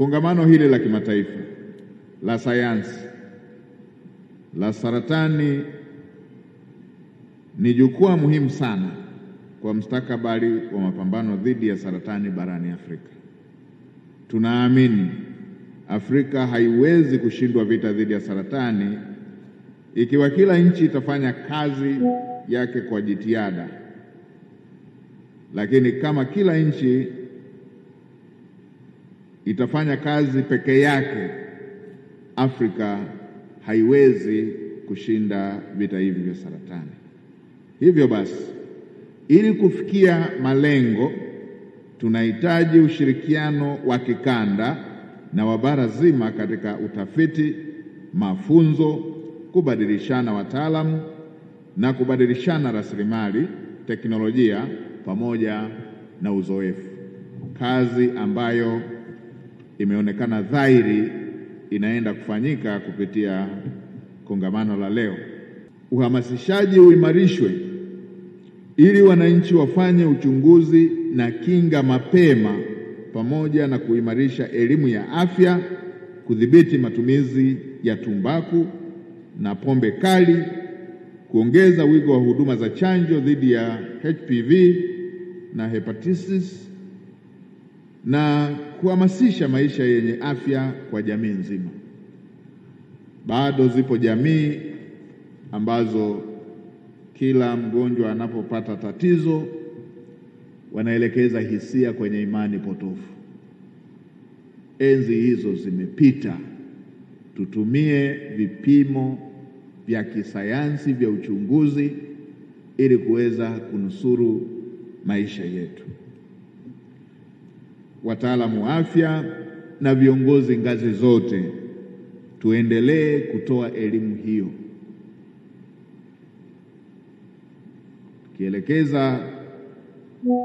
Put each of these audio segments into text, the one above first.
Kongamano hili la kimataifa la sayansi la saratani ni jukwaa muhimu sana kwa mstakabali wa mapambano dhidi ya saratani barani Afrika. Tunaamini Afrika haiwezi kushindwa vita dhidi ya saratani ikiwa kila nchi itafanya kazi yake kwa jitihada, lakini kama kila nchi itafanya kazi peke yake, Afrika haiwezi kushinda vita hivi vya saratani. Hivyo basi, ili kufikia malengo, tunahitaji ushirikiano wa kikanda na wa bara zima katika utafiti, mafunzo, kubadilishana wataalamu na kubadilishana rasilimali, teknolojia pamoja na uzoefu, kazi ambayo imeonekana dhahiri inaenda kufanyika kupitia kongamano la leo. Uhamasishaji uimarishwe ili wananchi wafanye uchunguzi na kinga mapema pamoja na kuimarisha elimu ya afya, kudhibiti matumizi ya tumbaku na pombe kali, kuongeza wigo wa huduma za chanjo dhidi ya HPV na hepatitis na kuhamasisha maisha yenye afya kwa jamii nzima. Bado zipo jamii ambazo kila mgonjwa anapopata tatizo wanaelekeza hisia kwenye imani potofu. Enzi hizo zimepita. Tutumie vipimo vya kisayansi vya uchunguzi ili kuweza kunusuru maisha yetu wataalamu wa afya na viongozi ngazi zote, tuendelee kutoa elimu hiyo, tukielekeza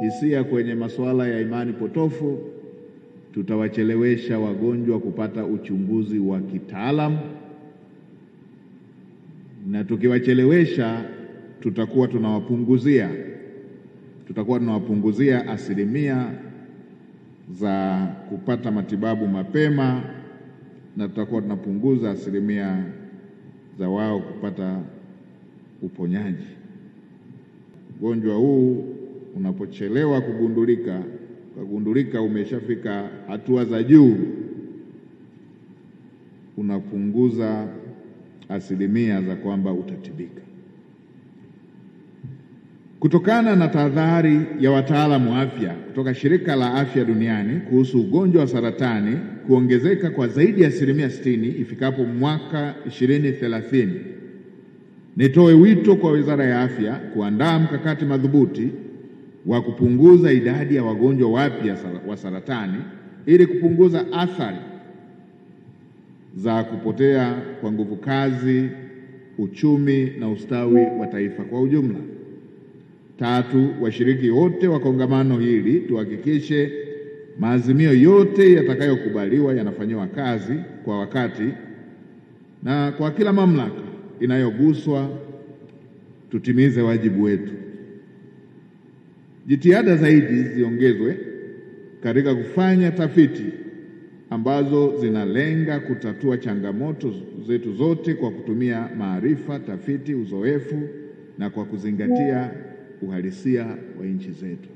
hisia kwenye masuala ya imani potofu, tutawachelewesha wagonjwa kupata uchunguzi wa kitaalamu, na tukiwachelewesha, tutakuwa tunawapunguzia tutakuwa tunawapunguzia asilimia za kupata matibabu mapema na tutakuwa tunapunguza asilimia za wao kupata uponyaji. Ugonjwa huu unapochelewa kugundulika, ukagundulika umeshafika hatua za juu, unapunguza asilimia za kwamba utatibika. Kutokana na tahadhari ya wataalamu wa afya kutoka Shirika la Afya Duniani kuhusu ugonjwa wa saratani kuongezeka kwa zaidi ya asilimia 60 ifikapo mwaka 2030, nitoe wito kwa Wizara ya Afya kuandaa mkakati madhubuti wa kupunguza idadi ya wagonjwa wapya wa saratani ili kupunguza athari za kupotea kwa nguvu kazi, uchumi na ustawi wa taifa kwa ujumla. Tatu, washiriki wote wa kongamano hili tuhakikishe maazimio yote yatakayokubaliwa yanafanyiwa kazi kwa wakati na kwa kila mamlaka inayoguswa tutimize wajibu wetu. Jitihada zaidi ziongezwe katika kufanya tafiti ambazo zinalenga kutatua changamoto zetu zote kwa kutumia maarifa, tafiti, uzoefu na kwa kuzingatia uhalisia wa nchi zetu.